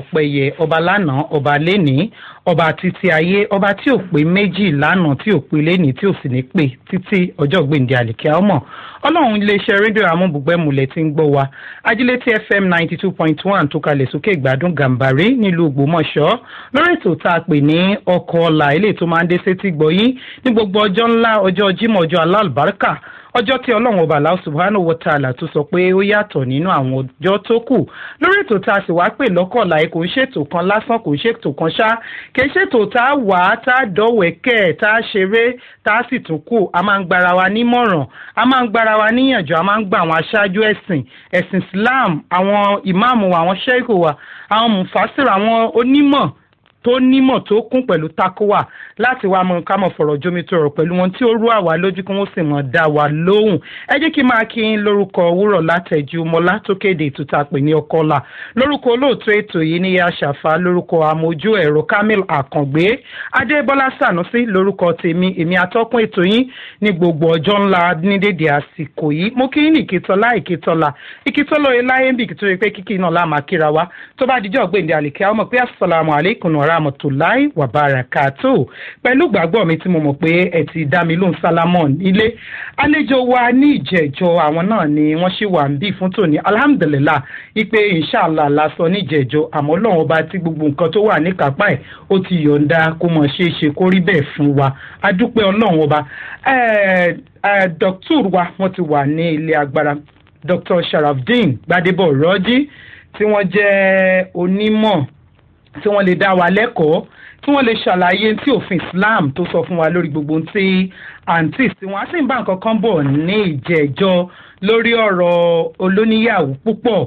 ọ̀pẹ̀yẹ ọba lánàá ọba lẹ́nìí ọba títí ayé ọba tí ò pé méjì lánàá tí ò pé lẹ́nìí tí ò sì ní pé títí ọjọ́ gbèǹde àlìkíá ọmọ ọlọ́run iléeṣẹ́ rédíò amúbùgbẹ́mùlẹ̀ ti ń gbọ́ wa ajílétí fm ninety two point one tó kalẹ̀ sókè ìgbádùn gàǹbàrí nílùú ògbómọ̀ṣọ́ lórí ètò tá a pè ní ọkọ̀ ọ̀la eléyìí tó máa ń dé sétí gbọ́yìn ní gbogbo ọjọ́ ńlá ọjọ́ jímọ̀ ọjọ́ alálùbáríkà ọjọ́ tí ọlọ́run ọba Allah subhanahu wa ta'ala tó sọ pé ó yàtọ̀ nínú àwọn ọjọ́ tó kù lórí ètò tá a sì wáá pè lọ́kọ̀ọ̀la ẹ̀ kò ń ṣètò kan lásán kò ń ṣètò kan ṣá kì í ṣètò tá a wà á tá a dọ̀wẹ́kẹ̀ tá a ṣeré tá a sì tún kù a máa ń gbára wa nímọ̀ràn a máa ń gbára wa níyànjú a máa ń gba àwọn aṣáájú ẹ̀sìn ẹ̀sìn Islam àwọn ìmáàmù wa àwọn ṣẹ́ẹ̀kù wa àwọn tó nímọ̀ tó kún pẹ̀lú takowa láti wá mọ ká mọ̀ fọ̀rọ̀ jomi tó rọ̀ pẹ̀lú wọn tí ó rú àwa lójú kí wọ́n sì mọ̀ dá wa lóhùn ẹ jẹ́ kí máa kí n lórúkọ wúrọ̀ látẹ̀jú mọ́lá tó kéde ìtúta pè ní ọkọ́lá lórúkọ olóòtú ètò yìí ní aṣàfà lórúkọ amójú ẹ̀rọ kamil àkàngbé adébọ́lá sànúsí lórúkọ tèmi èmi atọ́kùn ètò yín ní gbogbo ọjọ́ ńlá warahmatulahi wabarakatu pẹ̀lú gbàgbọ́ mi tí mo mọ̀ pé ẹ ti dá mi lóhùn salamon nílé àlejò wa ní ìjẹ̀jọ́ àwọn náà ni wọ́n ṣì wà ń bí fún tòní alhamdulilah ipe inshallah lásọ ní ìjẹ̀jọ́ àmọ́ lọ́wọ́ bá ti gbogbo nǹkan tó wà ní kápá ẹ̀ ó ti yọ̀ǹda kó mọ̀ ṣeé ṣe kó rí bẹ́ẹ̀ fún wa adúpẹ́ ọlọ́run ọba dọ́kítùr wa wọ́n ti wà ní ilé agbára dr sharafdin gbadebo rọ́jí tí wọ́n jẹ́ onímọ̀ tí wọ́n lè dá wa lẹ́kọ̀ọ́ tí wọ́n lè ṣàlàyé tí òfin Islam tó sọ fún wa lórí gbogbo tí àǹtís tí wọ́n á sì ń bá nǹkan kan bọ̀ ní ìjẹ́jọ́ lórí ọ̀rọ̀ olóníyàwó púpọ̀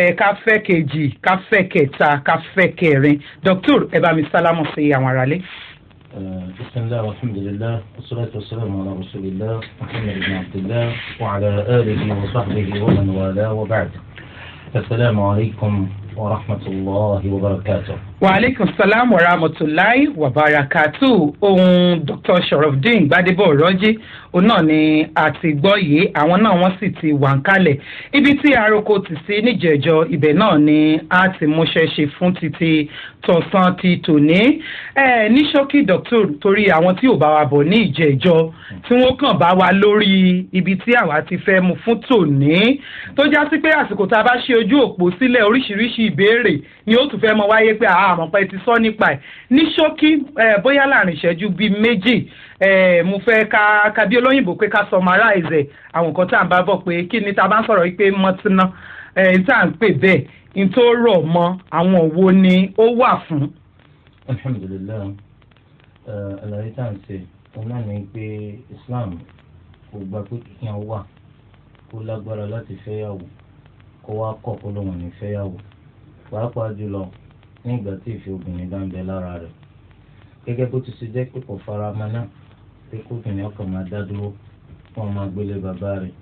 ẹ ká fẹ́ kejì ká fẹ́ kẹta ká fẹ́ kẹrin Dr. ẹ bá mi sálámù sí àwọn aráalé. بسم wa والحمد لله والصلاة والسلام على رسول الله محمد بن عبد الله وعلى آله وصحبه ومن والاه وبعد السلام عليكم ورحمة الله وبركاته waaleykum salaam wa rahmatulahi wa barakatu ohun dr sharafdin gbadebo ọrọjí òun náà ni a ti gbọ́ yìí àwọn náà wọ́n sì ti wà ń kalẹ̀ ibi tí aroko ti sí níjẹ̀jọ ibẹ̀ náà ni a ti múṣẹ́ ṣe fún títí tọ̀sán ti tòní ẹ ní ṣókí dr torí àwọn tí ò bá wa bọ̀ ní ìjẹ̀jọ tí wọ́n kàn bá wa lórí ibi tí àwa ti fẹ́ mu fún tòní tó já sí pé àsìkò tá a bá ṣe ojú òpó sílẹ̀ oríṣiríṣi ìbéèrè ni ó tún fẹ́ mọ wáyé pé àmọ́ ah, pé ti sọ nípa ẹ̀ ní ṣókí bóyá láàrin ìṣẹ́jú bíi méjì mo fẹ́ ká ká bí olóyìnbó pé ká summarize àwọn nǹkan tá à ń bá bọ̀ pé kí ni tá a bá ń sọ̀rọ̀ yìí pé mọ́tíná tá à ń pè bẹ́ẹ̀ ní tó rọ̀ mọ́ àwọn wo ni ó wà fún. alhamdulilayi àlàyé tá à ń ṣe òun náà ní pé Islam kò gbà pé kíkan wà kó lágbára láti fẹ́yàwó kó wá kọ̀ kó lóun ní fẹ́yàwó pàápàá jùlọ ní ìgbà tí ìfi obìnrin bá ń bẹ lára rẹ̀ gẹ́gẹ́ bó ti ṣe jẹ́ pé kò fara mọ́ náà pé kóbìnrin ọkàn máa dá dúró kó wọn máa gbélé bàbá rẹ̀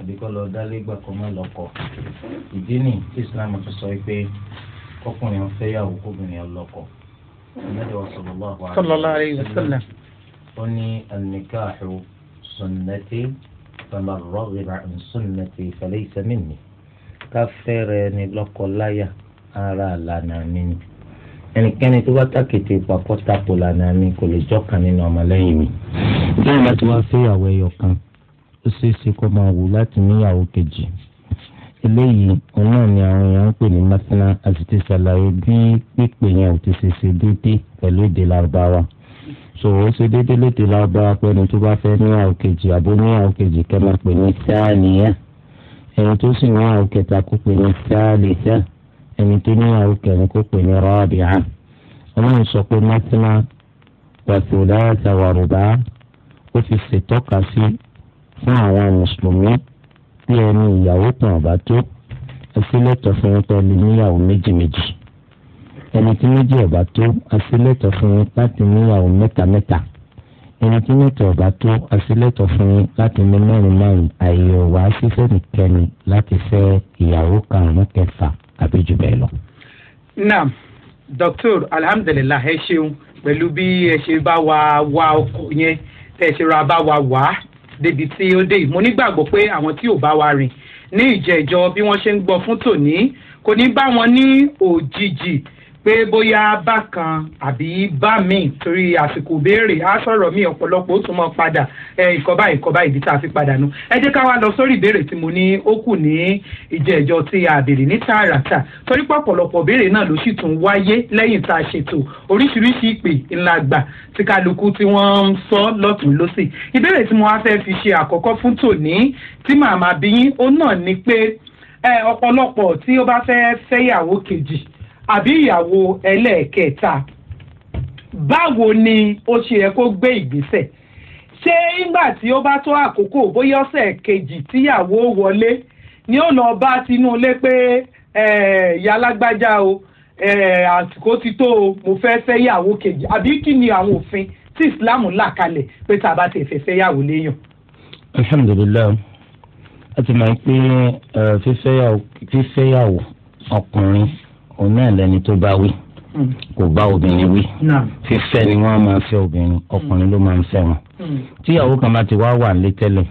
àbí kó lọ dá légbà kó má lọ́kọ ìdí nì tí Islam ti sọ pé kọkùnrin ọ̀fẹ́ yàwó kóbìnrin ọlọ́kọ Ànábì sallallahu alaihi wasallam ó ní an sunnati faman raghiba an sunnati falaysa minni ká fẹ́rẹ̀ ẹni láyà ara àlànà mi ni ẹnikẹ́ni tó bá tàkété papọ̀ tako lànà mi kò lè jọ́kan nínú ọmọlẹ́yìn mi. bẹ́ẹ̀ láti wá fẹ́yàwó ẹyọ kan ó ṣeé ṣe kó máa wù láti níyàwó kejì eléyìí òun náà ni àwọn èèyàn ń pè ní masina àti ṣàlàyé bí pípé yẹn ò ti ṣe ṣe déédéé pẹ̀lú èdè lárúbáwá so ó ṣe déédéé lédè lárúbáwá pẹ́ni tó bá fẹ́ níyàwó kejì àbó níyàwó kejì kẹ́ máa pè ní sáàníyà ẹni tó sì níyàwó kẹta kó pè ní sáàlìṣà ẹni tó níyàwó kẹrin kó pè ní rọ́ọ̀bìà ọlọ́run sọ pé mọ́tínà wàtúndà àtàwàrùbá ó fi ṣètọ́ka sí fún àwọn mùsùlùmí bí ẹni ìyàwó kan ọ̀bá tó ẹsílẹ̀tọ̀ fún yín pẹ̀lú níyàwó méjì méjì ẹni tí méjì ọ̀bá tó ẹsílẹ̀tọ̀ fún yín láti níyàwó mẹ́ta ẹni tí mẹ́ta ọ̀bá tó ẹsílẹ̀tọ̀ fún yín láti ní mẹ́rin márùn àyè ọ̀wá sífẹ́ nìkẹ́ni láti fẹ́ ìyàwó karùn-ún kẹfà àbí jù bẹ́ẹ̀ lọ. naam doctor alhamdulilah ẹ ṣeun pẹ̀lú bí ẹ ṣe bá wa wa ọkọ̀ yẹn tẹ́ ẹ ṣe ra bá wa wà á débi tí ó dé mo nígbàgbọ́ pé àwọn tí ò bá wa rìn ní ìjẹ́jọ́ bí wọ́n ṣe ń gbọ́ fún tòní kò ní bá wọn ní òjijì pé bóyá bá kan àbí bá mi torí àsìkò béèrè á sọ̀rọ̀ mi ọ̀pọ̀lọpọ̀ ó tún mọ́ padà ìkọ́bá ìkọ́bá ìdí tá a fi padà nu. ẹ jẹ́ ká wá lọ sórí ìbéèrè tí mo ní ó kù ní ìjẹ́jọ́ tí a béèrè ní tààràtà torí pé ọ̀pọ̀lọpọ̀ béèrè náà ló sì tún wáyé lẹ́yìn tá a ṣètò oríṣiríṣi ìpè ńlá gbà tí kálukú tí wọ́n ń sọ lọ́tún lọ́sì. ìbéèrè tí mo wá fẹ́ fi àbí ìyàwó ẹlẹ́ẹ̀kẹta báwo ni ó ṣe yẹ kó gbé ìgbésẹ̀ ṣé nígbà tí ó bá tó àkókò bóyá ọ̀sẹ̀ kejì tíyàwó wọlé ni ó lọ bá tinúlé pé ìyá alágbájá o àsìkò ti tó o mo fẹ́ fẹ́ kejì àbí kí ni àwọn òfin tí Islam là kalẹ̀ pé tá a bá ti fẹ́ fẹ́ yàwó léèyàn. alhamdulilayi a ti máa ń pín fífẹ́yàwó ọkùnrin òun náà lẹni tó bá wí hmm. kò bá obìnrin wí fífẹ́ ni wọ́n máa ń fẹ́ obìnrin ọkùnrin ló máa ń fẹ́ wọn. Hmm. tíyàwó kan bá ti wá wà lé tẹ́lẹ̀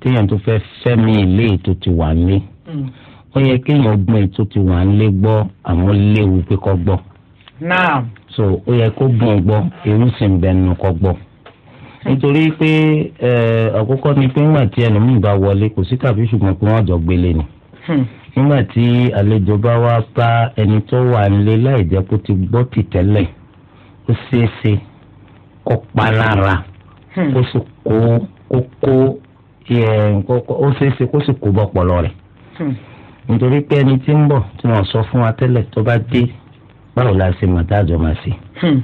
téèyàn tó fẹ́ fẹ́ mi ilé ètò ti wà lé hmm. ó yẹ kéèyàn gbọ́n ètò ti wà lé gbọ́ àwọn léwu pé kọ́ gbọ́. so ó yẹ kó gbọ́n gbọ́ ewu sì ń bẹ nínú kọ́ gbọ́. nítorí pé àkọ́kọ́ ni pé ńgbà tí ẹlòmíì bá wọlé kò sí kàbí ṣùgbọ́n pé wọ́n jọ gbélé ni nígbà tí àlejò bá wá bá ẹni tó wà nílé láì jẹ́ kó ti gbọ́ tì tẹ́lẹ̀ ó ṣeéṣe kó palára hmm. kó sì kó kó kó ó ṣeéṣe kó sì kó bọ́ pọ̀lọ́ rẹ̀ hmm. nítorí pé ẹni tí ń bọ̀ tí wọ́n sọ fún wa tẹ́lẹ̀ tó bá dé báwo la ṣe mọ̀ tá a jọ máa ṣe hmm.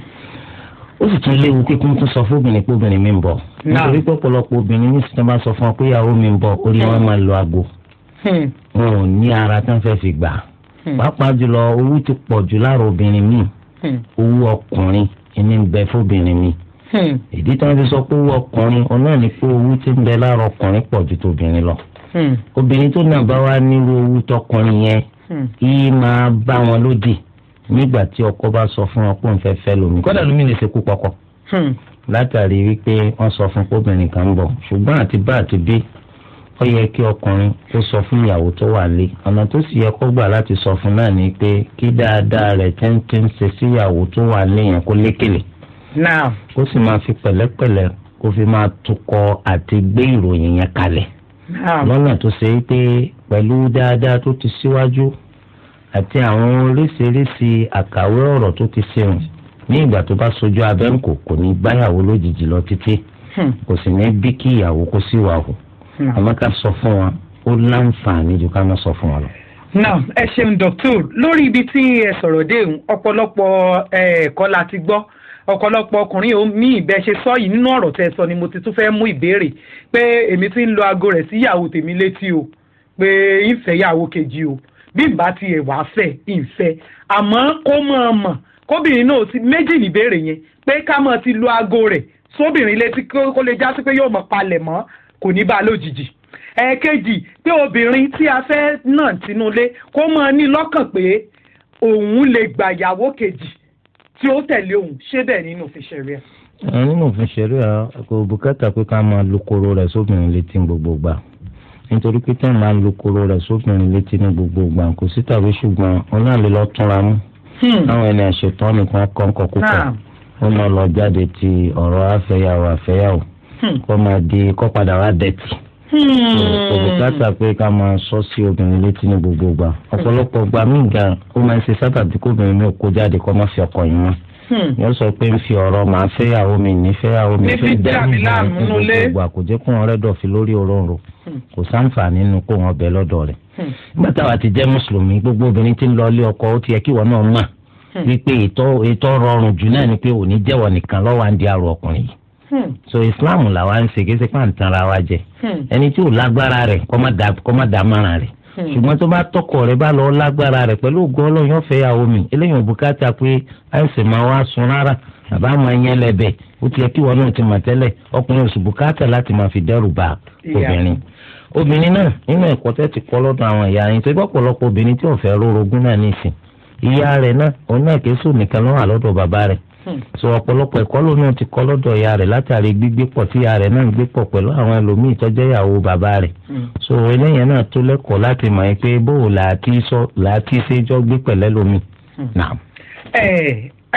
ó sì tún léwu pé kí wọ́n tún sọ fún obìnrin pé obìnrin mi ń bọ̀ nítorí pé ọ̀pọ̀lọpọ̀ obìnrin ní sinimá sọ fún ọ pé ìyàwó mi ń bọ̀ orí wọn máa lo aago. Hmm. wọn ò ní ara tí wọn fẹẹ fi gbà hmm. pàápàá jùlọ owó ti pọ̀ jù lára obìnrin mi hmm. owó ọkùnrin ẹni ń bẹ fóbìnrin mi ìdí tí wọn fi sọ pé owó ọkùnrin ọ̀nà ni pé owó ti ń bẹ lára ọkùnrin pọ̀ jù tóbìnrin lọ obìnrin tó náà bá wá nílò owó tọkùnrin yẹn kí máa bá wọn lódì nígbà tí ọkọ bá sọ fún ọ pé òun fẹ́ fẹ́ lómi kódà lómi lè ṣekú pọkọ látàrí wípé wọ́n sọ fún obìnrin kan bọ̀ ṣùgbọ́n àti bá àti bí ó yẹ kí ọkùnrin ó sọ fún ìyàwó tó wà lé ọ̀nà tó sì yẹ kó gbà láti sọ fún náà ni pé kí dáadáa rẹ̀ tẹ́ńtẹ́ ń ṣe sí ìyàwó tó wà lé yẹn kó lékele. náà kó sì máa fi pẹ̀lẹ́pẹ̀lẹ́ kó fi máa tukọ̀ àti gbé ìròyìn yẹn kalẹ̀. lọ́nà tó ṣe é pé pẹ̀lú dáadáa tó ti síwájú àti àwọn oríṣiríṣi àkàwé ọ̀rọ̀ tó ti ṣeun ní ìgbà tó bá sojú abẹ́ǹkò kò ní báyàwó lójijì lọ títí hmm. kò sì ní bí kí ìyàwó kó síwáhù. Hmm. àmọ́ ká sọ fún wa ó láǹfààní ju ká má sọ fún wa lọ. náà ẹ ṣeun dọ́kítọ̀ lórí ibi tí ẹ sọ̀rọ̀ dé ọ̀pọ̀lọpọ̀ ẹ̀kọ́ la ti gbọ́ ọ̀pọ̀lọpọ̀ ọkùnrin mi ìbẹ́ ṣe sọ yìí nínú ọ̀rọ̀ tẹ́ sọ ni mo ti tún fẹ́ mú ìbéèrè pé èmi ti ń lo aago rẹ̀ sí ìyàwó tèmi létí o pé ìfẹ́yàwó kejì o bí n bá tiẹ̀ wá fẹ́ ìfẹ́ àmọ́ kó mọ̀ mọ̀ kóbìnrin náà ti méjì níbéèrè yẹn pé ká mọ̀ ti lo aago rẹ̀ sóbìnrin létí kó lè já pé yóò mọ̀ palẹ̀ mọ́ kò ní bá a lójijì ẹ̀ẹ̀kejì pé obìnrin tí a fẹ́ náà sínú ilé kó máa ní lọ́kàn pé òun lè gba ìyàwó kejì tí ó tẹ̀lé òun ṣé bẹ́ẹ̀ nínú òfin ṣẹ̀ríà. nínú òfin ṣẹ̀ríà kò bùkátà pé ká máa lu koro rẹ̀ sóbìnrin létí gbogbo gbà nítorí pé tẹ́ máa lu koro rẹ̀ sóbìnrin létí ní gbogbo gbà kò sí tàbí ṣùgbọ́n onáàlélọ́ mú hmm. àwọn ẹni àṣetán nìkan kọ́ńkọ́ púpọ̀ ó máa lọ jáde ti ọ̀rọ̀ àfẹ́yàwó àfẹ́yàwó Hmm. kó máa di kó padà wá dẹ̀tì hmm. kò bùkátà pé ká máa sọ sí obìnrin létí ní gbogbo gbà ọ̀pọ̀lọpọ̀ gbà míì gan ó máa ń ṣe sábàbí kóbìnrin náà kó jáde kó má fi ọkọ yìí mọ́ hmm. yóò sọ pé ń fi ọ̀rọ̀ màá fẹ́yàwó mi ní fẹ́yàwó mi fẹ́ dání náà ní gbogbo ìgbà kò jẹ́ kóun rẹ́ dọ̀fi lórí òróǹro kò sáǹfààní nínú kóun ọbẹ̀ lọ́dọ̀ rẹ̀. nígbà táwa ti jẹ́ mùsùlùmí gbogbo obìnrin tí ń lọ ilé ọkọ ó ti yẹ kí ìwọ náà mà wípé ètò rọrùn jù náà ni pé òní jẹ́wọ́ nìkan lọ́wọ́ à ń di àrò ọkùnrin yìí Hmm. so islam làwa ń ṣe kése pàǹtàn ra wa jẹ hmm. ẹni tí ò lágbára rẹ̀ kọ́ má dàmáràn rẹ̀ hmm. ṣùgbọ́n tó bá tọkọ rẹ̀ bá lọ lágbára rẹ̀ pẹ̀lú ògùn ọlọ́yìn ọ̀fẹ́ yàwó mi eléyìí ò bùkátà pé àìsàn máa wá sun rárá bàbá máa yẹn lẹ́bẹ̀ ó ti yẹ kí wọn náà ti mà tẹ́lẹ̀ ọkùnrin oṣù bùkátà láti máa fi dẹ́rù bà obìnrin obìnrin náà nínú ẹ̀kọ́ tẹ́ ti kọ́ lọ́dọ̀ àwọn ìyá yín tó bá pọ̀lọpọ̀ obìnrin tí ò fẹ́ rórogún náà nísìn ìyá rẹ̀ náà òun náà kì í sùn nìkan lọ́wọ́ àlọ́dọ̀ bàbá rẹ̀ Hmm. so ọ̀pọ̀lọpọ̀ ẹ̀kọ́ ló náà ti kọ́ lọ́dọ̀ ìyá rẹ̀ látàrí gbígbé pọ̀ tí ìyá rẹ̀ náà gbé pọ̀ pẹ̀lú àwọn ẹlòmíì tó ìyàwó bàbá rẹ̀ hmm. so eléyẹn náà tó lẹ́kọ̀ọ́ láti mọ̀ ẹ́ pé bóò làátí ṣéjọ́ gbé pẹ̀lẹ́ lómi. Hmm.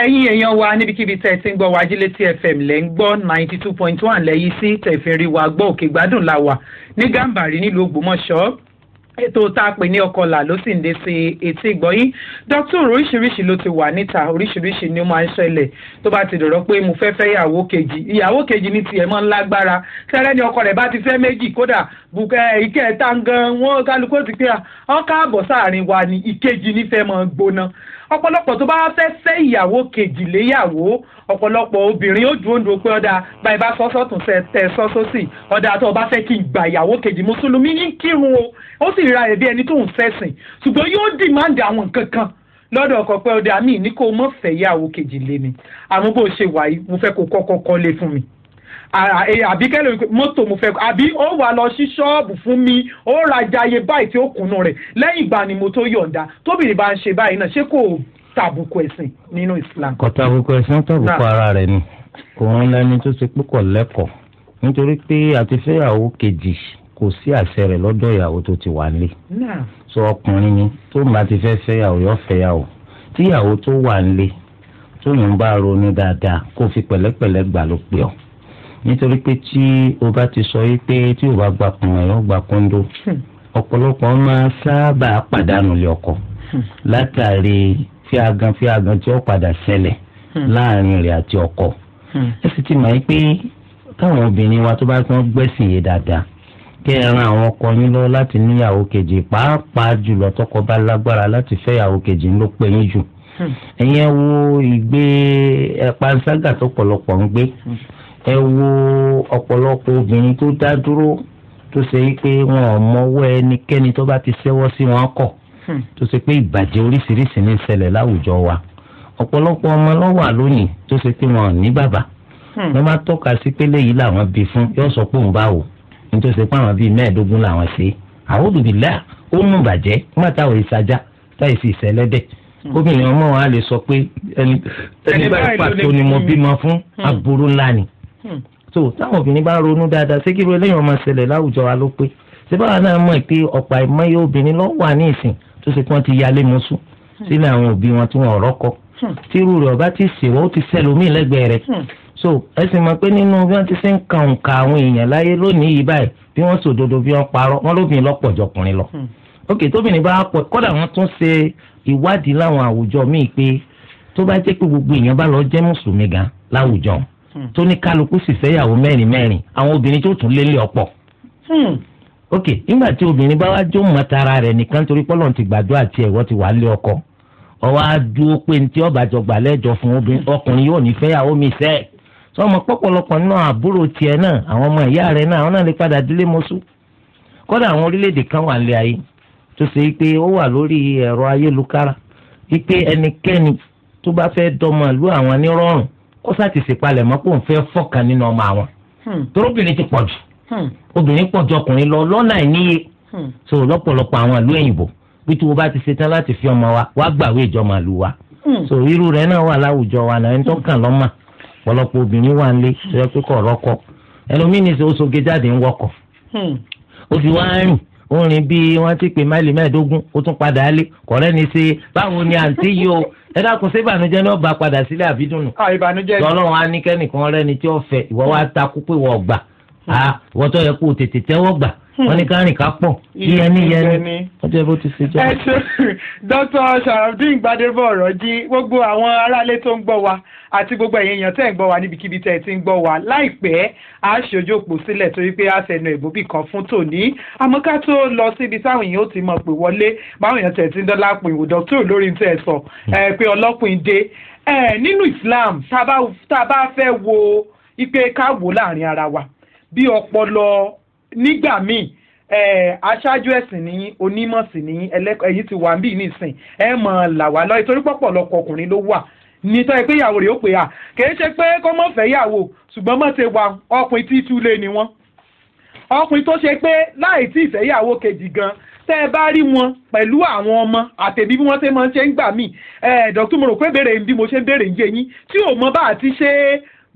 ẹ̀yin èèyàn wa níbikíbi tẹ́ ẹ ti ń gbọ́ wa Ajílétí FM lẹ́ ń gbọ́ ninety two point one lẹ́yìn sí tẹ̀fẹ̀rí wa gbọ́ òkè gbádùn la wà ní Gàmbàrí nílùú Ògbómọ̀ṣọ́ ètò tá a pè ní ọkọlà ló sì ń dé sí etí ìgbọ́yín dókítà oríṣiríṣi ló ti wà níta oríṣiríṣi ni ó máa ń ṣẹlẹ̀ tó bá ti dọ̀rọ̀ pé mo fẹ́ fẹ́ ìyàwó kejì ìyàwó kejì ní tiẹ̀ máa ń lágbára ni ọkọ rẹ̀ bá ti fẹ́ méjì kódà bùkẹ́ ìkẹta gan-an wọn kálukú ti pé ọkọ̀ àbọ̀ sáàrin wa ni ìkejì nífẹ̀ẹ́ máa gbóná ọ̀pọ̀lọpọ̀ tó bá fẹ́ fẹ́ ìyàwó kejìléyàwó ọ̀pọ̀lọpọ̀ obìnrin ó ju òǹdó pé ọ̀dà báyìí bá sọ́sọ́ tún tẹ sọ́sọ́ sí ọ̀dà tó bá fẹ́ kí n gba ìyàwó kejì mùsùlùmí yín kírun o ó sì ra ẹ̀bí ẹni tó ń fẹ́ sìn ṣùgbọ́n yóò dìmáàndì àwọn nǹkan kan lọ́dọ̀ ọkọ pé ọ̀dà mi ní kó mọ̀ fẹ́ ìyàwó kejì lé mi àmọ́ bó ṣe wà yìí mo fẹ́ kó kọ́kọ́ kọ́lé fún mi E, àbí kẹ́lẹ́ mọ́tò mo fẹ́ àbí ó wà lọ sí ṣọ́ọ̀bù fún mi ó rajà iye báyìí tí ó kùnú rẹ̀ lẹ́yìn ìgbà ni mo tó yọ̀ǹda tóbìnrin bá ń ṣe báyìí náà ṣé kò tàbùkù ẹ̀sìn nínú Islam. kò tàbùkù ẹ̀sìn tàbùkù ara rẹ̀ ni òun lẹni tó ṣe púpọ̀ lẹ́kọ̀ọ́ nítorí pé àti fẹ́yàwó kejì kò sí àṣẹ rẹ̀ lọ́dọ̀ ìyàwó tó ti wà nílé. sọ ọkùnrin ni tó ń bá ti fẹ́ fẹ́yàwó yọ fẹ́yàwó tíyàwó tó wà nílé tóyìn bá ronú dáadáa kó fi pẹ̀lẹ́pẹ̀lẹ́ gbà ló pè ọ́ nítorí pé tí o bá ti sọ yìí pé tí o bá gba kùnà yóò gba kóńdó hmm. ọ̀pọ̀lọpọ̀ máa sábà pàdánù lé ọkọ hmm. látàrí fíagan fíagan tí ó padà ṣẹlẹ̀ hmm. láàrin rẹ̀ àti ọkọ ẹ sì ti mọ̀ yìí pé káwọn obìnrin wa tó bá tán gbẹ̀sìn yìí dáadáa kí ẹ ran àwọn ọkọ yín lọ láti níyàwó kejì pàápàá jùlọ tọkọ bá lágbára láti fẹ́yàwó kejì ló pé jù ẹ̀yin wo ìgbé ẹ̀ panṣágà tó pọ̀lọpọ̀ ń gbé ẹ wo ọ̀pọ̀lọpọ̀ obìnrin tó dá dúró tó ṣe pé wọn ò mọwọ́ ẹnikẹ́ni tó bá ti ṣẹ́wọ́ sí wọn kọ̀ hmm. tó ṣe pé ìbàjẹ́ oríṣiríṣi ní ṣẹlẹ̀ láwùjọ wa ọ̀pọ̀lọpọ̀ ọmọ ló wà lónìí tó ṣe pé wọn ò ní bàbá hmm. wọn bá tọ́ka sí pé léyìí làwọn bí fún yóò sọ pé òun bá wò nítorí ṣe pé àwọn bíi mẹ́ẹ̀ẹ́dógún làwọn ṣe àwọn ó nù bàjẹ́ nígbà táwọn ìsajà hmm. mo bímọ fún aburú Hmm. so táwọn obìnrin bá ronú dáadáa ṣé kíru eléyìí ọmọ ṣẹlẹ̀ láwùjọ wa ló pé ṣé báwa náà mọ̀ pé ọ̀pọ̀ àìmọye obìnrin ló wà ní ìsìn tó ṣe pọ́n ti yalé mọ́sù hmm. sílẹ̀ àwọn òbí wọn tí wọn ọ̀rọ̀ kọ hmm. tírú rẹ̀ ọba ti ṣèwọ́ ó ti ṣẹlòmíì lẹ́gbẹ̀ẹ́ rẹ̀ so ẹ sì mọ̀ pé nínú bí wọ́n ti ṣe ń ka òǹkà àwọn èèyàn láyé lónìí yìí báyìí bí wọ́n sòdodo bí wọ́n parọ́ wọ́n lóbìnrin lọ́pọ̀ jọkùnrin lọ. ok tóbìnrin bá pọ̀ kódà wọ́n tún ṣe ìwádìí láwọn àwùjọ míì pé tó bá jẹ́ pé gbogbo èèyàn bá lọ jẹ́ mùsùlùmí gan láwùjọ Hmm. tó ní kálukú sì fẹ́yàwó mẹ́rin mẹ́rin àwọn obìnrin tó tún lélẹ̀ ọ̀pọ̀. Hmm. ok nígbà tí obìnrin bá wá jó mọ́ tara rẹ̀ nìkan torí pọ́lọ́n ti gbàdúrà tiẹ̀ wọ́n ti wà lé ọkọ ọwọ́ á dúró pé ní tí ọ̀bàjọ́ gbà lẹ́jọ́ fún ọkùnrin yóò ní fẹ́yàwó mi sẹ́ẹ̀ sọ ọmọ pọ̀pọ̀lọpọ̀ náà àbúrò tiẹ̀ náà àwọn ọmọ ìyá rẹ̀ náà àwọn náà lè padà délé mọ́sú kódà àwọn orílẹ̀-èdè kan wà lẹ́ ayé tó ṣe pé ó wà lórí ẹ̀rọ ayélukára wípé ẹnikẹ́ni tó bá fẹ́ dọmọ ìlú àwọn nírọ̀rùn kó sáti ṣèpalẹ̀ mọ́ pé òun fẹ́ fọkàn nínú ọmọ àwọn hmm. torobìnrin ti pọ̀ jù hmm. obìnrin pọ̀ jù ọkùnrin lọ lọ́nà àìníye hmm. so lọ́pọ̀lọpọ̀ àwọn ìlú òyìnbó bí tí wọ́n bá ti ṣetán láti fi ọmọ wa wá gbàwé ìjọmọ ìlú wa so irú rẹ̀ náà wà láwùjọ wa náà ẹni tó kàn lọ́mà pọ̀lọpọ̀ obìnrin wà ń lé ṣe pé kọ̀ rọ́kọ̀ ẹlòmíì ní sọ oṣoge jáde ń wọkọ̀ ó fi wá rìn ń rìn bí wọ́n ti pè máìlì mẹ́ẹ̀ẹ́dógún ó tún padà lé kọ̀rẹ́ ni ṣe báwo ni àǹtí yìí o ẹ dákun ṣé ìbànújẹ́ ni ó bá padà sílé àbídùnú. Ah, ìbànújẹ́ ni Ọlọ́run á ní kẹ́nìkan rẹ́ni tí ó fẹ́ ìwọ wá takú pé wọ́n gbà hmm. ah, ìwọ tó yẹ kó tètè tẹ́wọ́ gbà Hmm. wọ́n ní ká rìn ká pọ̀ yíyẹni yẹni ọjọ́ ìbò ti ṣe jẹ́. ẹ ṣe dr sharafdin gbadebo ọ̀rọ̀ jí gbogbo àwọn aráalé tó ń gbọ́ wa àti gbogbo ẹ̀yin èèyàn tẹ́ ń gbọ́ wa níbikíbi tẹ́ ẹ ti ń gbọ́ wa láìpẹ́ a ṣojú òpó sílẹ̀ torí pé a ṣẹ̀nu ẹ̀bùbì kan fún tòní àmọ́ ká tó lọ síbi táwọn èèyàn ó ti mọ̀ pé wọlé báwọn èèyàn tẹ̀ ti ń dọ́là pin ìwò dọ́kítọ̀ lórí tẹ̀ sọ pé ọlọ́pìn dé nínú Islam tá a bá fẹ́ wo ipe ká wò láàrin ara wa bí ọpọlọ nígbà míì aṣáájú ẹ̀sìn ní onímọ̀ sí ní ẹ̀yìn ti wà níbí nísìn ẹ̀ mọ̀ làwà lọ ìtorí pọ̀pọ̀lọpọ̀ ọkùnrin ló wà nítorí pé ìyàwó rẹ̀ ó pè á kìí ṣe pé kó mọ̀ fẹ́ yàwó ṣùgbọ́n mọ̀ ṣe wà ọkùnrin tí túlé ni wọ́n ọkùnrin tó ṣe pé láì tí ìfẹ́yàwó kejì gan tẹ́ ẹ bá rí wọn pẹ̀lú àwọn ọmọ àtẹ̀bí bí wọ́n ṣe máa ń ṣe ń gbà mí dókítà mo rò pé béèrè bí mo ṣe ń béèrè ń jẹ yín tí ò mọ bá àti ṣe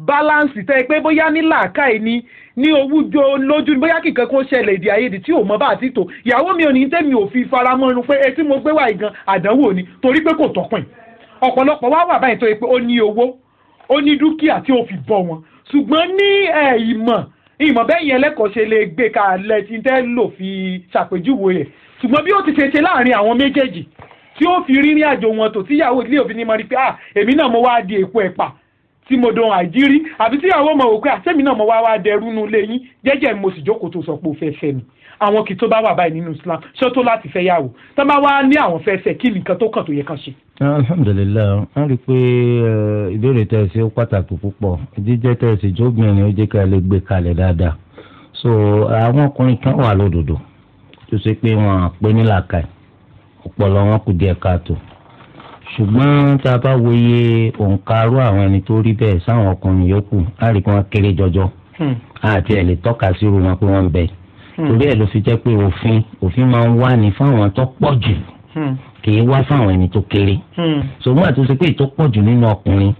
balance tẹ́ ẹ pé bóyá ní làákàyè ni ní owújo lójú bóyá kìkan kó ṣẹlẹ̀ èdè àìyedè tí ò mọ bá àti tò ìyàwó mi ò ní tẹ́mi ò fi faramọ́ irun pé etí mo gbé wà gan àdánwò ni torí pé kò tọpin ọ̀pọ̀lọpọ̀ wá wà báyìí tó yẹ pé ó ní owó ó ní dúkìá tí ó fi bọ́ wọn ṣùgbọ́n ní ìmọ̀ ìmọ̀ bẹ́ẹ̀ yẹn lẹ́kọ̀ọ́ ṣe lè gbé kalẹ̀ tí tẹ́ lò fi ṣàpèjúwe rẹ̀ ṣùgbọ́n bí ó ti ṣe ṣe láàrin àwọn méjèèjì tí ó fi rírìn àjò wọn tò tíyàwó ilé òbí ni mo rí pé ah èmi náà mo wá di èpo ẹ̀pà tí mo dán àìjírí àbí tí àwọn ọmọ òkú àtẹ́mi náà mo wá wá dẹrú nu ilé yín jẹ́jẹ́ mo sì jókòó tó sọ pé o fẹ́ fẹ́ mi àwọn kì í tó bá wà báyìí nínú Islam ṣọ́tó láti fẹ́ yàwó tá bá wá ní àwọn fẹ́ fẹ́ kí nìkan tó kàn tó yẹ kàn ṣe. alhamdulilayi wọn rí i pé eh, ìbéèrè tẹ̀ sí pàtàkì púpọ̀ jíjẹ́ tẹ̀ sí jóbìnrin ó jẹ́ ká lè gbé kalẹ̀ dáadáa so àwọn ọkùnrin kan wà lódodo tó ṣe pé wọn àpé nílàkàì ṣùgbọ́n tá a bá wo iye òǹkarú àwọn ẹni tó rí bẹ́ẹ̀ sáwọn ọkùnrin yòókù á rí kí wọ́n kéré jọjọ àti hmm. ẹ̀ lè tọ́ka sí irú wọn pé wọ́n ń bẹ hmm. torí ẹ̀ ló fi jẹ́ pé òfin òfin máa ń wá ní fáwọn tó pọ̀ jù hmm. kì í wá fáwọn ẹni tó kéré ṣùgbọ́n àtúnṣe pé ìtó pọ̀ jù nínú ọkùnrin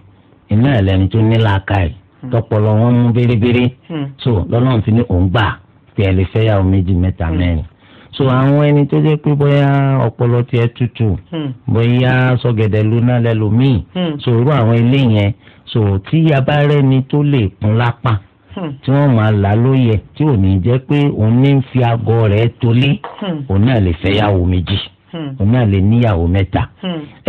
iná ẹ̀ lẹni tó ní làákàyè tọpọlọ wọn mú bérebére so lọ́nà fi ní òun gbà pé ẹ lè fẹ́ yàwó méjì mẹ́ta mẹ́rin so àwọn ẹni tó jẹ́ pé bóyá ọpọlọ tiẹ̀ tutù hmm. bóyá sọ̀gẹ̀dẹ̀ lóná lẹ́lòmíì hmm. so irú àwọn ilé yẹn so tí a bá rẹ́ni tó lè kún lápá hmm. tí wọ́n máa là lóye tí ò ní jẹ́ pé òun ní fi aago rẹ̀ tolé òun náà lè fẹ́ yàwó méjì òun náà lè níyàwó mẹ́ta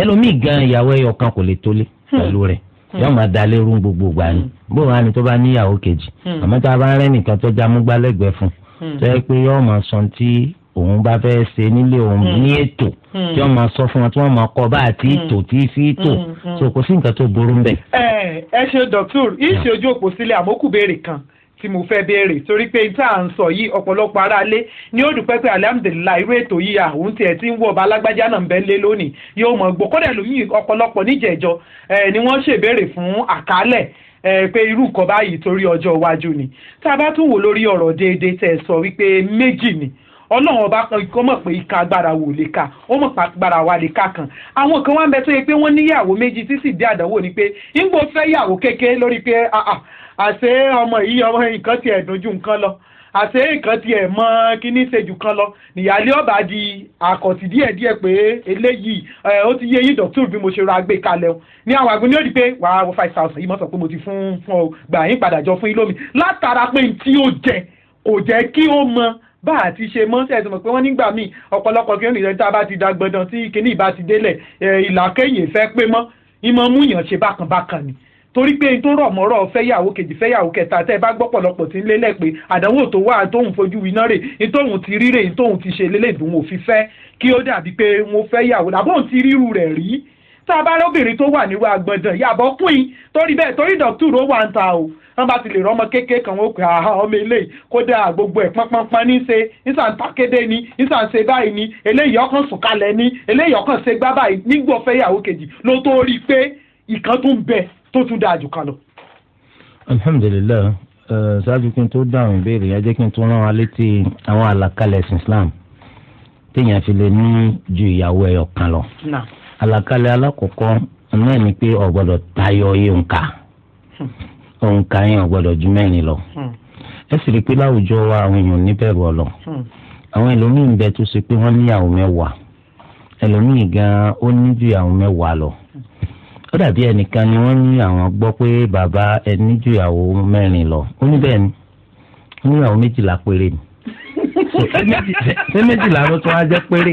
ẹlòmíì gan ìyàwó ẹyọ kan kò lè tolé pẹ̀lú rẹ̀ yóò máa da lérú gbogbo gbà ni bó wàá ní tó bá níyàwó kejì àmọ́ tá a bá rẹ́ nìkan tó já múgbálẹ́gbẹ̀ẹ́ fún tó yẹ pé yóò máa sọ ti òun bá fẹ́ ṣe nílé òun hmm. ní ètò hmm. tí wọ́n máa sọ fún wọn tí wọ́n máa kọ́ bá àti hmm. ètò tí fi tò so kò sí nǹkan tó burú bẹ́ẹ̀. ẹ ẹ ṣe dọ́kítọ̀r yìí ṣe ojú òpó sílẹ̀ àmókù kan tí mo fẹ́ béèrè torí pé tá à ń sọ yìí ọ̀pọ̀lọpọ̀ aráalé ni ó dúpẹ́ pé alihamudulilayi irú ètò yìí àwọn tiẹ̀ ti ń wọ̀ ọba alágbájá náà ń bẹ́ lé lónìí yóò mọ̀ gbọ́ kọ́dà lóyún ọ̀pọ̀lọpọ̀ níjẹ̀jọ ni wọ́n ṣèbéèrè fún àkálẹ̀ pé irú nǹkan báyìí torí ọjọ́ iwájú ni tá a bá tún wò lórí ọ̀rọ̀ déédéé tẹ̀ sọ wípé méjì ni ọlọ́run ọba kọ́ mọ̀ pé ìka agbára wò lè ka ó mọ̀ pa agbára wa lè ka kan àwọn kan wá ń bẹ tó yẹ pé wọ́n níyàwó méjì tí sì dé àdánwò ni pé ńgbò fẹ́ yàwó kékeré lórí pé àṣé ọmọ yìí ọmọ nǹkan tiẹ̀ dojú nǹkan lọ àṣé nǹkan tiẹ̀ mọ kíní ṣèjú kan lọ nìyálé ọba di àkọ̀tì díẹ̀ díẹ̀ pé eléyìí ó ti yé yín dọ̀tún bí mo ṣe ra gbé kalẹ̀ o ní àwọn àgbẹ̀ ní ó di pé wàá wọ five thousand yìí mọ̀ sọ pé mo ti fún fún ọ gbà yín padà jọ fún yín lómi látara pé n tí ó jẹ kò jẹ́ kí ó mọ bá a ti ṣe mọ́sẹ̀ ẹ̀sùn pé wọ́n nígbà míì ọ̀pọ̀lọpọ̀ kí wọ́n nìyẹn tá a bá ti da gbọ̀dàn tí kinní ìbá ti délẹ̀ ìlà kéyìn fẹ́ pé mọ́ ìmọ̀ mú yàn ṣe bákan bákan ni torí pé tó rọ̀ mọ́rọ̀ fẹ́yàwó kejì fẹ́yàwó kẹta tẹ́ ẹ bá gbọ́ pọ̀lọpọ̀ tí ń lélẹ̀ pé àdánwò tó wà tóun fojú winá rè nítòun ti rí rè nítòun ti ṣe lélẹ̀ ìdùn òfin fẹ́ kí ó dàbí pé wọ́n fẹ́yàwó àbóhùn ti ríru rẹ̀ rí tá a bá lóbìnrin tó wà níwá gbọ̀ndàn yàbọ̀ kùn in torí bẹ́ẹ̀ torí dọ̀túrò wà ń ta o wọ́n bá ti lè rọ́mọ kéékèèké kan wọ́n pè á ọmọ eléyìí kódà gbogbo ẹ̀ pọ́npọ́npọ́n ní ṣe nísàn takédé ni nísàn ṣe báyìí ni eléyìí ọkàn sùn kalẹ̀ ni eléyìí ọkàn ṣe gbá báyìí nígbò fẹ́ yàwó kejì ló tó rí i pé ìkan tún bẹ tó tún dáa jù kan lọ. alhamdulilayi ṣáájú kí n tó dáhùn ìbéèrè ẹ jẹ́ kí n tún rán wa létí àwọn àlàkalẹ̀ ẹ̀sìn Islam téèyàn fi lè ní ju ìyàwó ẹyọ kan lọ àlàkalẹ̀ alákọ̀ọ́kọ́ náà ni pé ọ̀gbọ́dọ̀ tayọ òǹkà yẹn ò gbọ́dọ̀ ju mẹ́rin lọ hmm. ẹ sì rí i pé láwùjọ wa àwọn èèyàn níbẹ̀rù ọlọ hmm. àwọn ẹlòmíì ń bẹ tó ṣe pé wọ́n níyàwó mẹ́wàá ẹlòmíì gan ó ní ìyàwó mẹ́wàá lọ ó dàbí ẹnìkan ni wọ́n ní àwọn gbọ́ pé bàbá ẹni ìyàwó mẹ́rin lọ ó ní bẹ́ẹ̀ ni ó ní ìyàwó méjìlá péré ni ṣé méjìlá ló tún á jẹ́ péré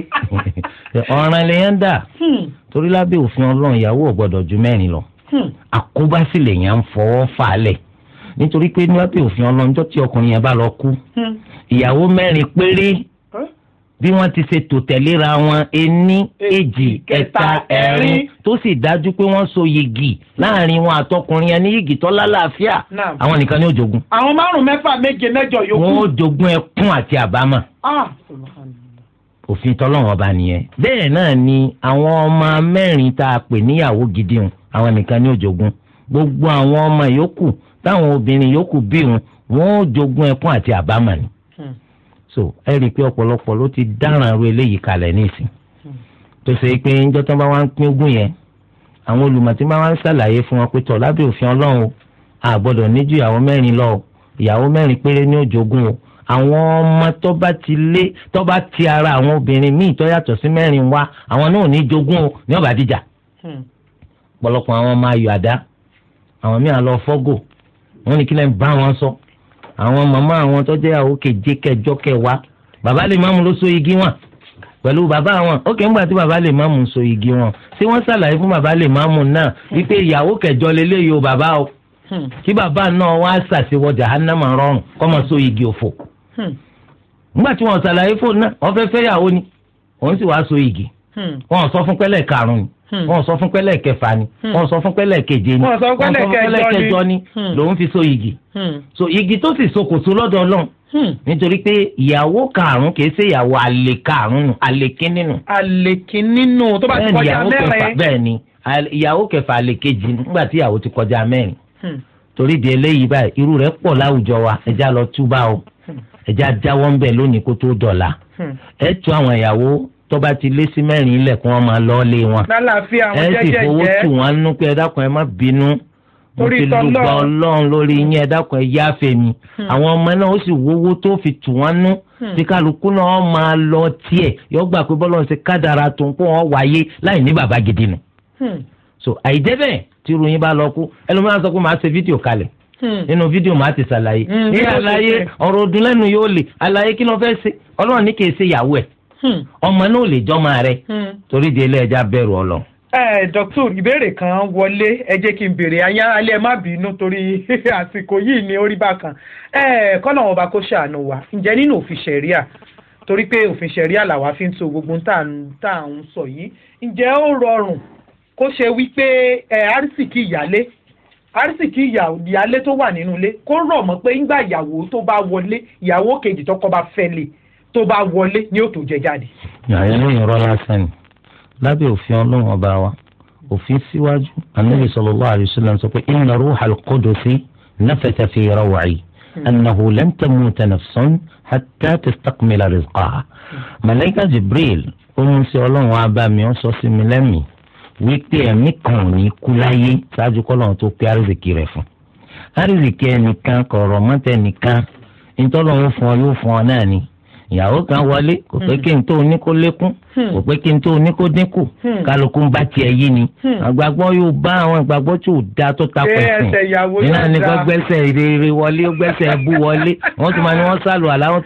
ọ̀ràn lèèyàn dà hmm. torí lábẹ́ òfin ọlọ́run ìyàwó ò gbọ́dọ̀ ju mẹ́rin lọ. Hmm. àkóbá sì lèèyàn ń fọwọ́ fà á lẹ̀ nítorí pé níwájú òfin ọlọ́njọ́ tí ọkùnrin yẹn bá lọ kú hmm. ìyàwó mẹ́rin péré bí wọ́n ti ṣe tò tẹ̀léra wọn ení èjì ẹ̀ta ẹ̀rin tó sì dájú pé wọ́n so yìgì láàrin wọn àtọkùnrin yẹn ní yìgì tó lálàáfíà àwọn nìkan ni ó jogun. àwọn márùn-ún méje mẹ́jọ yòókù. wọn ó jogun ẹkún àti àbámọ̀. Ah! òfin tọ́lọ́run ọba nìyẹn bẹ́ẹ̀ náà ni àwọn ọmọ mẹ́rin tá a pè níyàwó gidi hùn àwọn nìkan ní òjògùn gbogbo àwọn ọmọ yòókù táwọn obìnrin yòókù bí hùn wọn ò jogún ẹkún àti àbámọ̀ ni hmm. so ẹ rí i pé ọ̀pọ̀lọpọ̀ ló ti dáràn ru eléyìí kalẹ̀ nísìn hmm. tó ṣe pé ńjọ́ tó bá wá ń pín ogún yẹn àwọn olùmọ̀tí máa ń ṣàlàyé fún wọn pé tọ̀ lábẹ́ òfin ọlọ́run a gbọ́dọ̀ ìyàwó mẹ́rin lọ ìyàwó mẹ́rin péré ní òjògùn o àwọn ọmọ tó bá ti lé tó bá ti ara àwọn obìnrin míì tó yàtọ̀ sí mẹ́rin wá àwọn náà ní jogún o ní ọ̀bà dìjà hmm. pọ̀lọpọ̀ àwọn máa yọ àdá àwọn míì àlọ́ fọ́gò wọn ní kí lẹ́yìn bá wọn sọ àwọn màmá àwọn tó jẹ́ àwọn keje kẹjọ kẹwàá bàbá lè má mú ló so igi wọn pẹ̀lú bàbá wọn ó kì í gbà tí bàbá lè má mú so igi wọn tí wọ́n ṣàlàyé fún bàbá lè má mú náà wípé ìyàwó kẹjọ lélẹ́yìí o bàbá o hmm. kí bàbá náà wá ṣàṣewọ jahannama rọrùn kọ́ mọ so igi òfò. Hmm. nígbà tí wọn ṣàlàyé fóònù náà wọn fẹ́ ni òun sì so igi hmm. wọn sọ fún pẹ́lẹ́ karùn ni hmm. wọn sọ fún pẹ́lẹ́ kẹfà ni wọn sọ fún keje ni wọn sọ fún kẹjọ ni fi so igi so igi tó sì so so lọ́dọ̀ nítorí pé ìyàwó karùn kìí ṣe ìyàwó karùn tó bá ti kọjá ni ìyàwó kẹfà kejì nígbà tí ìyàwó ti kọjá wa lọ túbà ẹ̀jẹ̀ ajáwọ́ ń bẹ̀ lónìí kó tó dọ̀la hmm. ẹ̀ tú àwọn ìyàwó tó bá ti lé sí mẹ́rin ilẹ̀ kí wọ́n máa lọ lé wọn ẹ̀ sì fowó tù wọ́n nú pé ẹ dákun ẹ má bínú mo ti lùgbà ọlọ́run lórí yín ẹ dákun ẹ mi hmm. àwọn ọmọ náà ó sì wówó tó fi tù wọ́n nú hmm. tí kálukú náà máa lọ tiẹ̀ yọ gbà pé bọ́lá ṣe kádàrà tó ń kó wọn wáyé láì ní bàbá gidi nù so àìjẹ́ bẹ́ẹ̀ tí irun yín bá lọ kú ẹlòmíràn sọ pé màá ṣe fídíò kalẹ̀ Hmm. nínú fídíò máa ti ṣàlàyé hmm, ní àlàyé ọ̀rọ̀ ọdún lẹ́nu yóò lè àlàyé kí ló fẹ́ ṣe ọlọ́run ní kì í ṣe ìyàwó ẹ̀ hmm. ọmọ náà lè jọ́mọ torí di ẹlẹ́ẹ̀já bẹ̀rù ọlọ́run dọ́kítọ̀ ìbéèrè kan wọlé ẹ jẹ́ kí n béèrè ayá alẹ́ má torí àsìkò yìí ni orí bá kan kọ́nà ọba kó ṣàánú wa nínú òfin torí pé òfin àrísìkí ìyáálé tó wà nínú ilé kó rọ̀ mọ́ pé ńgbà ìyàwó tó bá wọlé ìyàwó kejì tọkọ bá fẹ́ lè tó bá wọlé ni ó tó jẹ jáde. yàrá lóyún rọ lásán ni lábẹ́ òfin ọlọ́run ọba wa òfin síwájú anabi sallallahu alaihi wasallam sọ pé inna ruhal qudusi nafata fi rawa'i أنه لن تموت نفس حتى تستكمل رزقها ملائكة جبريل ó ń sọ ọlọ́run abá mi ó sọ sí mi lẹ́mìí wípé ẹ̀mí kan ò ní kú láyé ṣáájú kọ́ lọ́run tó pé àrísìkí rẹ̀ fún àrísìkí ẹnìkan kọ̀rọ̀ mọ́tẹ́ nìkan nítorí òun fún ọ yóò fún ọ náà ni ìyàwó kan wọlé kò pé hmm. kí n tó ní kó lékún hmm. kò pé kí n tó ní kó dínkù hmm. kálukú ń bá tiẹ̀ yí ni àgbàgbọ́ yóò bá àwọn ìgbàgbọ́ tí ò da tó ta pẹ̀sìn nínú nìkan gbẹ́sẹ̀ rere wọlé gbẹ́sẹ̀ bú wọlé wọ́n tún máa ní wọ́n sálù àlá wọn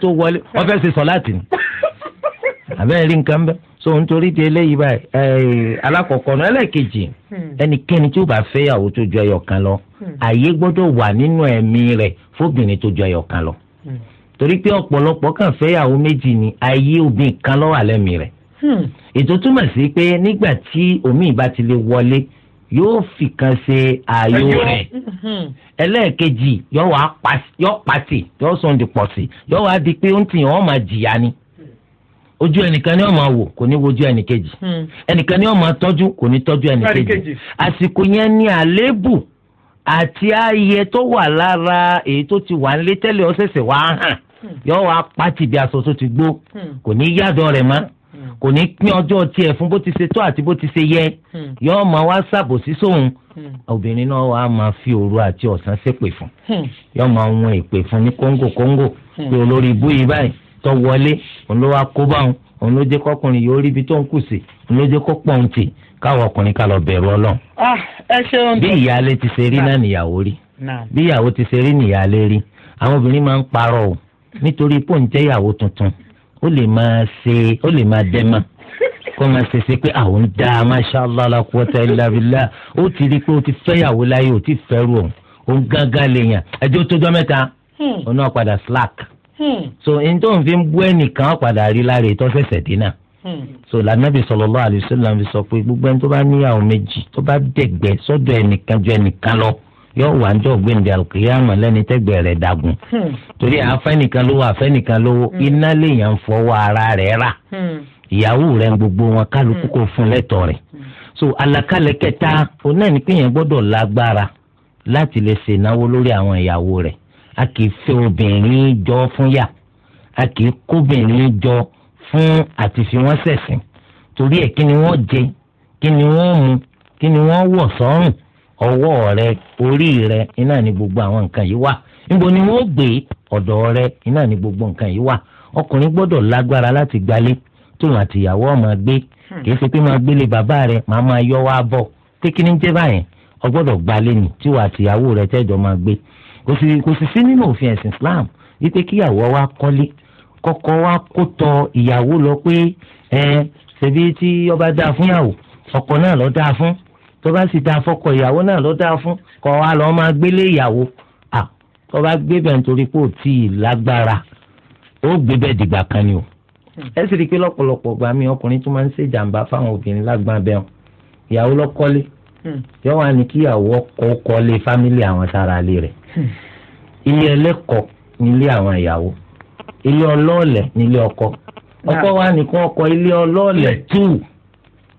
tó so nítorí di eléyìí báyìí eh, alákọ̀ọ́kọ́ náà ẹlẹ́ẹ̀kejì hmm. ẹnikẹ́ni tí ó bá fẹ́ ìyàwó tó ju ẹyọ kan lọ hmm. ààyè gbọ́dọ̀ wà nínú ẹ̀mí rẹ̀ fóbìnrin tó ju ẹyọ kan lọ hmm. torí pé ọ̀pọ̀lọpọ̀ kàn fẹ́ ìyàwó méjì ni ààyè obìnrin kan ló wà lẹ́mí rẹ̀ ètò túmọ̀ sí pé nígbà tí omi ìbá ti lè wọlé yóò fìkan ṣe ààyò rẹ̀ ẹlẹ́ẹ̀kejì yóò wá pàṣì yóò sọ̀ndì pọ̀ṣì yóò wá di pé ó ń tì ojú ẹnìkan ni ó máa wò kò ní wojú ẹnìkejì hmm. ẹnìkan ni ó máa tọ́jú kò ní tọ́jú ẹnìkejì àsìkò yẹn ni àléébù àti ààyè tó wà lára èyí tó ti wà nílé tẹ́lẹ̀ ọ̀sẹ̀sẹ̀ wá hàn hmm. yọ wá pàtì bí aṣọ tó ti gbó hmm. kò ní yàdọ̀ rẹ̀ mọ́ kò ní pín ọjọ́ tiẹ̀ fún bó ti ṣe tó àti bó ti ṣe yẹ yọ máa wá ṣàbòsí sóhun obìnrin náà wàá máa fi òru àti ọ̀sán ṣépè fún yọ máa wọn èpè fún ní kóńgò kóńgò pé olórí ibú yìí báyìí tó wọlé òun ló wá kó bá òun òun ló jẹ́ kọkùnrin yóò rí ibi tó ń kù sí òun ló jẹ́ kó pọ̀ ń tì káwọn ọkùnrin ká lọ bẹ̀rù ọlọ́run. Ah, bí ìyáálé ti ṣe rí náà nìyàwó rí bí ìyàwó ti ṣe rí nìyáálé rí àwọn obìnrin máa ń parọ́ o nítorí pò ń jẹ́ ìyàwó tuntun ó lè máa ṣe ó lè máa dẹ́ kó máa ṣe ṣe pé àwọn ah, ń dá masha allah la quwwata illa ó ti rí i pé ó ti fẹ́yàwó láyé ó ti fẹ́rù òun òun gángan lè yàn ẹjọ́ tó jọ mẹ́ta hmm. òun náà padà slack Hmm. so n tó n fi bú ẹnìkan padà rí lára ètò ṣẹ̀ṣẹ̀ dínà hmm. so lànàbì sallallahu alaihi wasallam fi sọ pé gbogbo ẹni tó bá níyàwó méjì tó bá dẹ̀gbẹ́ sọ́dọ̀ ẹnìkan ju ẹnìkan lọ yóò wà ní ọgbẹ́ni alukiyama lẹ́ni tẹ́gbẹ́ rẹ̀ dagun hmm. torí afẹ́nìkan lówó afẹ́nìkan lówó iná lèèyàn ń fọwọ́ ara rẹ̀ rà ìyàwó rẹ̀ ń gbogbo wọn kálukú kò fún lẹ́tọ̀ rẹ̀ so àlàkalẹ̀ kẹta onáà ní pé yẹn gbọ́dọ̀ lágbára láti lè ṣènáwó lórí àwọn ìyàwó rẹ̀ a kì í fẹ́ obìnrin jọ fún yà a kì í kóbìnrin jọ fún àti fi wọ́n ṣẹ̀sìn torí ẹ̀ kí ni wọ́n jẹ kí ni wọ́n mu kí ni wọ́n wọ̀ sọ́rùn ọwọ́ rẹ orí rẹ iná ni gbogbo àwọn nǹkan yìí wà níbo ni wọ́n gbé ọ̀dọ̀ rẹ iná ni gbogbo nǹkan yìí wà ọkùnrin gbọ́dọ̀ lágbára láti gbalé tóun àtìyàwó ọmọ gbé hmm. kìí ṣe pé máa gbélé bàbá rẹ màá máa yọ wá bọ̀ pé kí ni jẹ́ báyẹn ọgbọ́dọ̀ gbalé ni tí wàá àtìyàwó rẹ tẹ́jọ́ máa gbé kò sì kò sì sí nínú òfin ẹ̀sìn Islam wípé kíyàwó wa kọ́lé kọ́kọ́ wa kó tọ ìyàwó lọ pé ẹ ṣebí tí ọba dáa fún yàwó ọkọ náà lọ dáa fún tó bá sì dáa fọkọ ìyàwó náà lọ dáa fún kọ wa lọ máa gbélé ìyàwó à tó bá gbé bẹ́ẹ̀ nítorí pé ò tí ì lágbára ó gbé bẹ́ẹ̀ dìgbà kan ni o ẹ sì rí i pé lọ́pọ̀lọpọ̀ gbà mí ọkùnrin tó máa ń ṣe jàǹbá fáwọn obìnrin lágbọ́n bẹ́ẹ̀ ìyàwó lọ́kọ́lé hmm. yọ wá ní kíyàwó kọ́lé fámílì àwọn sára lé rẹ̀ ilé ẹlẹ́kọ̀ọ́ nílé àwọn ìyàwó ilé ọlọ́ọ̀lẹ̀ nílé ọkọ ọkọ wa nìkan ọkọ ilé ọlọ́ọ̀lẹ̀ tù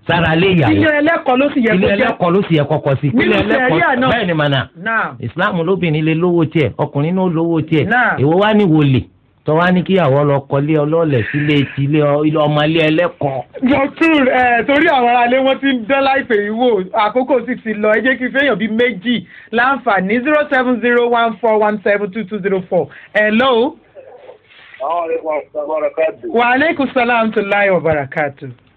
sára lé ìyàwó ilé ẹlẹ́kọ̀ọ́ ló sì yẹ kó jẹ́ ilé ẹlẹ́kọ̀ọ́ kọ́kọ́ sí ilé ẹlẹ́kọ̀ọ́ bẹ́ẹ̀ ni màná Islam lóbìnrin lè lówó tiẹ̀ ọkùnrin náà lówó tiẹ̀ èwo wá ní wọlé tọ́wá ní kíyàwó lọ kọ́lé ọlọ́ọ̀lẹ̀ sílé etí ilé ọmọlé ẹlẹ́kọ̀ọ́. jọ̀tún ẹ̀ torí àwọn aráalé wọn ti ń dán láìpẹ́ yìí wò àkókò sì ti lọ ẹ jẹ́ kí fẹ́yàn bíi méjì láǹfààní zero seven zero one four one seven two two zero four hello. wa aleykum salaam wa rahmatulahi wa barakatu.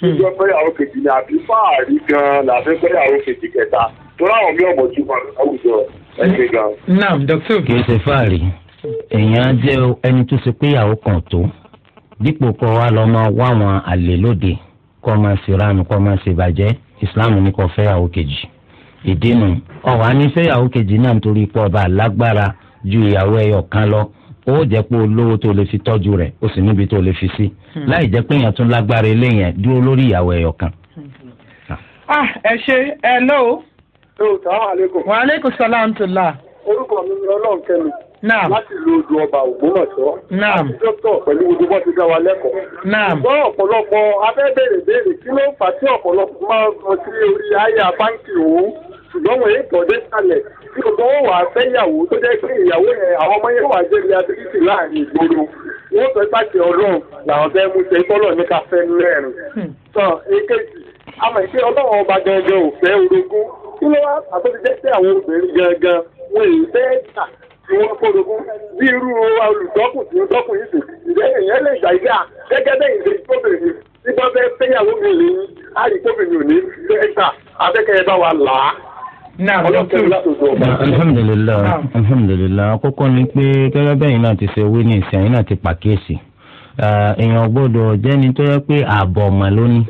tó hmm. jẹ́ pé àwọn kejì ni àbí fáàrí gan-an làbẹ́ pé àwọn kejì kẹta tó láwọn bí ọmọ tí wọn àwùjọ ẹgbẹ́ gan. naam dr obi. kìí ṣe fáàrí èèyàn jẹ́ ẹni tó ṣe pé ìyàwó kan tó dípò kọ́ wa lọ máa wá àwọn àlè lóde kọ́ máa ṣe ránu kọ́ máa ṣe bàjẹ́ ìsìláàmù ní kò fẹ́ ìyàwó kejì ìdí nu ọ̀wá ní ìyàwó kejì náà nítorí pé ọba lágbára ju ìyàwó ẹyọ kan lọ ó jẹ́ pé olówó tó lè fi tọ́jú rẹ̀ ó sì níbi tó lè fi sí hmm. láì jẹ́ pé èèyàn tún lágbára eléyẹn dúró lórí ìyàwó ẹyọ kan. Ah, ẹ ṣe ẹ lọ́wọ́. wàhálà aleykum salaam tó la. orúkọ mi ni ọlọ́run kẹ́mi. Naam. Láti lo odò ọba Ògbómọ̀ṣọ́. Naam. Àti pẹ̀lú odò bọ́ ti lẹ́kọ̀ọ́. Naam. ọ̀pọ̀lọpọ̀ abẹ́bẹ̀rẹ̀ béèrè kí ló ń fà tí ọ̀pọ̀lọpọ̀ máa ń orí àyà báńkì òun. Ṣùgbọ́n sálẹ̀ tí tó jẹ́ ìyàwó yẹn àwọn ọmọ yẹn ìgboro. ìwọ kórogún bí irú olùdókùn tí ó dókùn yìí sì ìyẹn lè gbà yíyá gẹ́gẹ́ bẹ́ẹ̀ ìṣe ìgbóbìnrin tí wọ́n fẹ́ fẹ́yàwó mi lè yín á rí kóbìnrin ò ní fẹ́ẹ́ta afẹ́kẹ́yẹ bá wa là á. alhamdulilayi alhamdulilayi àkọ́kọ́ ni pé gẹ́gẹ́ bẹ́ẹ̀ náà ti ṣe wí ní ìsìn àyìn náà ti pàkíyèsí èèyàn gbọ́dọ̀ jẹ́ni tó yẹ pé ààbọ̀ ọmọ lónìí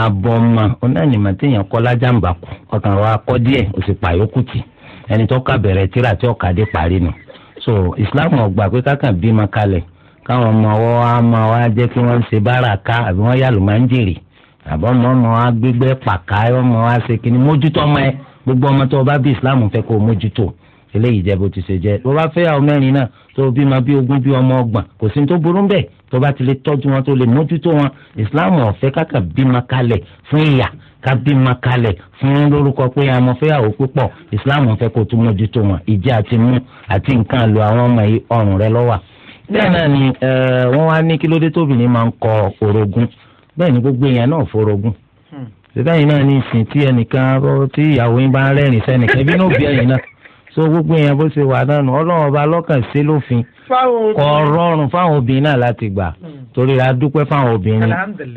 ààbọ̀ ọmọ onáìnímọ̀ téèyàn kọ́ lájàmbá kù ọkàn wa kọ́ díẹ̀ òsì pàyókù tì í ẹni tó kà bẹ̀rẹ̀ tíra tí ọ̀ka parí nù so islam ọgbà pé kákan bímọ kalẹ̀ káwọn ọmọ wọn á máa wá jẹ́ kí wọ́n ṣe bára ká àbí wọ́n yà ló máa ń jèrè àbọ̀ ọmọ ọmọ wa gbégbé pàká ọmọ wa ṣe kíni mójútó ọmọ ẹ gbogbo ọmọ tó o bá bí islam fẹ́ kó o mójútó eléyìí jẹ́ bó ti ṣe jẹ́ bó bá fẹ́ àwọn mẹ́rin náà tó o bímọ bí ogún bí ọmọ ọgbọ̀n kò sí ní tó burú bẹ́ẹ̀ tó bá ti lè tọ́jú wọn tó lè mójútó wọn islam ọ̀fẹ́ kákan bímọ kalẹ̀ fún ìyà ká bímọ kalẹ̀ fún lórúkọ pé àmọ́ fẹ́yàwó púpọ̀ islam fẹ́ kó tún mójútó wọn ìjẹ́ àti mú àti nǹkan lu àwọn ọmọ yìí ọrùn rẹ lọ́wà. bẹ́ẹ̀ náà ni wọ́n wá ní kí lóde tóbìnrin máa ń kọ orogún bẹ́ẹ̀ ni gbogbo èèyàn náà forogún. síbẹ̀yìn hmm. náà ní ìsìn tí ẹnìkan tí ìyàwó yín bá ń rẹ́rìn sẹ́nìkan ẹbí náà bí ẹ̀yìn náà so gbogbo èèyàn bó ṣe wà nánu ọlọ́run ọba lọ́kàn sí lófin kò rọrùn fáwọn obìnrin náà láti gbà hmm. torí adúpẹ́ fáwọn obìnrin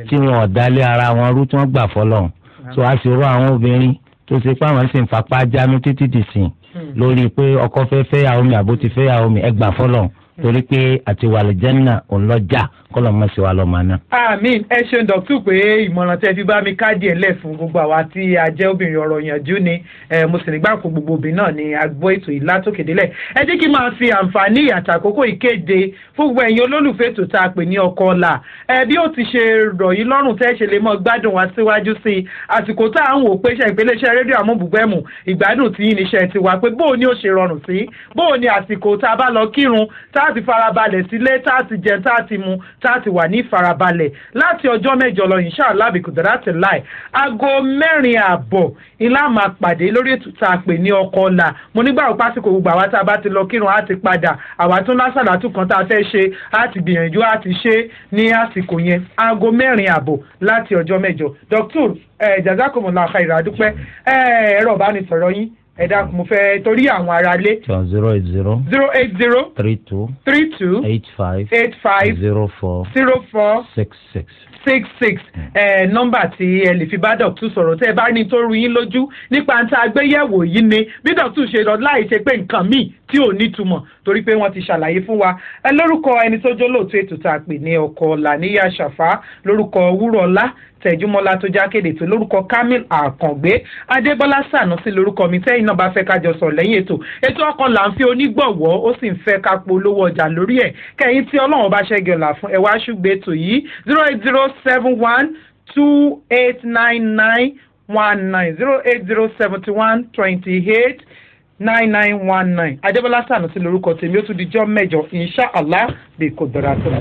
tí wọn ò dálé ara wọn rú tí wọ́n gbà fọlọ́run tó a sì rọ àwọn obìnrin tó ṣe pé àwọn sì ń fapá jámi títí dìsìn hmm. lórí pé ọkọ fẹ́ fẹ́ yàwó mi àbó ti fẹ́ yàwó mi ẹ gbà fọlọ́n torí pé àti wàlìjẹ́nà ònlọ́jà kọ́lọ́ wa lọ́mọ náà. àmín ẹ ṣeun dọ̀tú pé ìmọ̀ràn tẹ́ fi bá mi káàdì ẹ̀ lẹ̀ fún gbogbo àwa tí a jẹ́ obìnrin ọ̀rọ̀ yànjú ni mo sì nígbà kó gbogbo obìnrin náà ni a gbọ́ ètò yìí látòkèdélẹ̀ ẹ jẹ́ kí n máa fi àǹfààní àtàkókò ìkéde fún gbogbo ẹ̀yin olólùfẹ́ ètò tá a pè ní ọkọ ọ̀la ẹ bí ó ti ṣe rọ̀ yín lọ́rùn tẹ́ ṣe lè mọ́ gbádùn wá síwájú sí i àsìkò tá tá ti farabalẹ̀ sílé tá ti jẹ tá ti mu tá ti wà ní ìfarabalẹ̀ láti ọjọ́ mẹ́jọ lọ inshallah bìkúdàrà tẹ̀ láì aago mẹ́rin ààbọ̀ ilá máa pàdé lórí ètò tá a pè ní ọkọ ọ̀la mo nígbàgbọ́ pásíkò gbogbo àwa tá a bá ti lọ kírun á ti padà àwa tún lásàlátù kan tá a fẹ́ ṣe á ti gbìyànjú á ti ṣe ní àsìkò yẹn aago mẹ́rin ààbọ̀ láti ọjọ́ mẹ́jọ dr eh, jazakumullah khaira dúpẹ́ eh, ẹ̀rọ ìbánisọ̀rọ̀ yín ẹ dákun mo fẹ́ torí àwọn ará lé. zero eight zero. zero eight zero. three two. three two. eight five. eight five. zero four. zero four. six six six six nọ́mbà tí ẹ lè fi bá dọ̀tún sọ̀rọ̀ tẹ́ ẹ bá ní tó ru yín lójú nípa ń tá yìí ni bí dọ̀tún ṣe lọ láì ṣe pé nǹkan míì tí ò nítumọ̀ torí pé wọ́n ti ṣàlàyé fún wa ẹ lórúkọ ẹni tó jólóòtú ètò tá a pè ní ọkọ làníyà ṣàfà lórúkọ wúrọ̀lá tẹ̀júmọ́lá tó já tó lórúkọ kamil àkàngbé adébọ́lá sànúsí lórúkọ mi tẹ́yìn náà bá fẹ́ kájọ sọ̀rọ̀ lẹ́yìn ètò ètò ọkàn là ń fi onígbọ̀wọ́ ó sì ń fẹ́ ká polówó ọjà lórí ẹ̀ kẹ́yìn tí ọlọ́run bá ṣẹ́gi ọ̀la fún ẹ ṣùgbẹ́ ètò yìí zero eight zero seven one two eight nine nine one nine zero eight zero seventy one twenty eight nine nine one nine adébọlá sànù sí lórúkọ tèmi ó tún di jọ́ mẹ́jọ insha allah bí kò dọ̀rọ̀ àtúnra.